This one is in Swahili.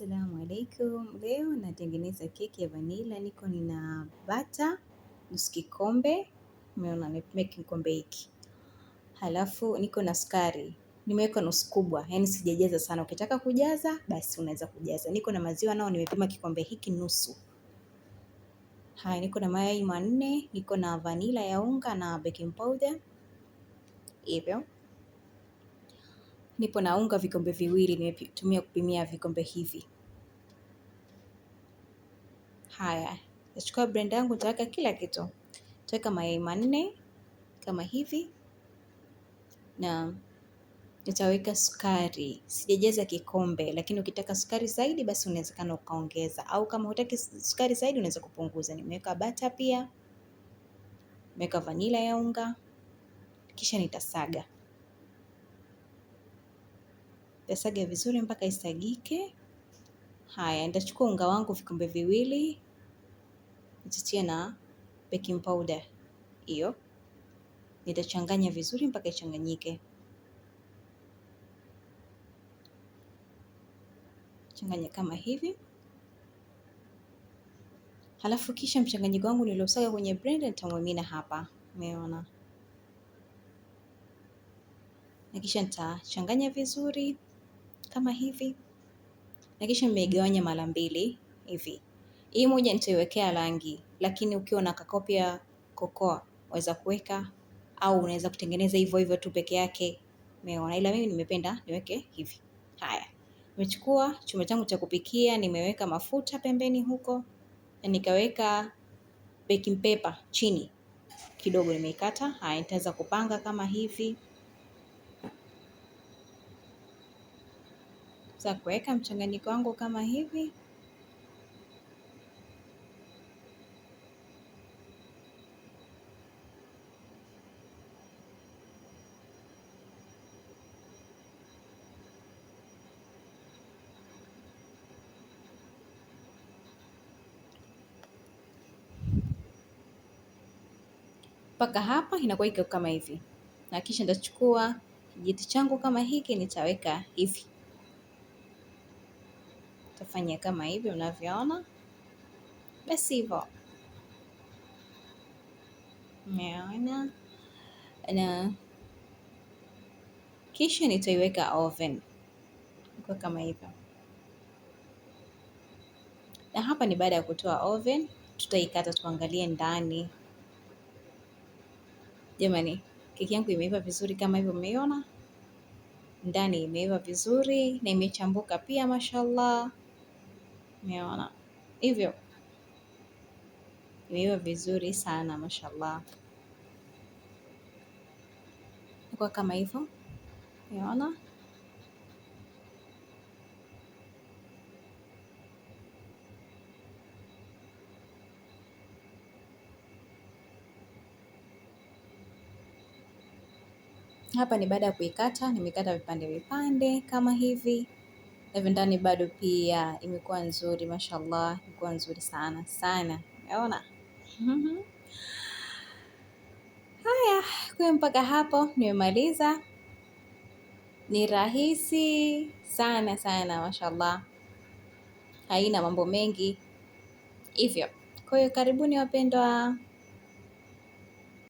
Assalamu alaikum. Leo natengeneza keki ya vanila, niko nina bata nusu kikombe, umeona nimetumia kikombe hiki, halafu niko na sukari nimeweka nusu kubwa, yani sijajaza sana. Ukitaka kujaza basi unaweza kujaza. Niko na maziwa nao nimepima kikombe hiki nusu. Haya, niko na mayai manne, niko na vanila ya unga na baking powder hivyo nipo na unga vikombe viwili, nimetumia kupimia vikombe hivi. Haya, nachukua blender yangu, nitaweka kila kitu, nitaweka mayai manne kama hivi, na nitaweka sukari. Sijajaza kikombe, lakini ukitaka sukari zaidi, basi unawezekana ukaongeza, au kama hutaki sukari zaidi, unaweza kupunguza. Nimeweka bata pia, nimeweka vanila ya unga, kisha nitasaga. Yasage vizuri mpaka isagike. Haya, nitachukua unga wangu vikombe viwili, nitatia na baking powder hiyo, nitachanganya vizuri mpaka ichanganyike. Changanya kama hivi, halafu kisha mchanganyiko wangu niliosaga kwenye blender nitamwamina hapa, umeona na kisha nitachanganya vizuri kama hivi, na kisha nimeigawanya mara mbili hivi. Hii moja nitaiwekea rangi, lakini ukiwa na kakopi ya kokoa waweza kuweka, au unaweza kutengeneza hivyo hivyo tu peke yake, umeona. Ila mimi nimependa niweke hivi. Haya, nimechukua chuma changu cha kupikia, nimeweka mafuta pembeni huko na nikaweka baking paper chini kidogo, nimeikata. Haya, nitaanza kupanga kama hivi. za kuweka mchanganyiko wangu kama hivi. Mpaka hapa inakuwa iko kama hivi, na kisha nitachukua kijiti changu kama hiki, nitaweka hivi tafanya kama hivi unavyoona, basi hivyo umeona, na kisha nitaiweka oven kwa kama hivyo. Na hapa ni baada ya kutoa oven, tutaikata tuangalie ndani. Jamani, keki yangu imeiva vizuri kama hivyo, umeiona ndani imeiva vizuri na imechambuka pia, mashallah. Umeona hivyo, imeiva vizuri sana mashallah, kwa kama hivyo, umeona hapa ni baada ya kuikata, nimekata vipande vipande kama hivi. Hivi ndani bado pia imekuwa nzuri, mashallah, imekuwa nzuri sana sana, umeona mhm. haya. Kwa mpaka hapo nimemaliza, ni rahisi sana sana, mashallah, haina mambo mengi hivyo. Kwa hiyo karibuni wapendwa.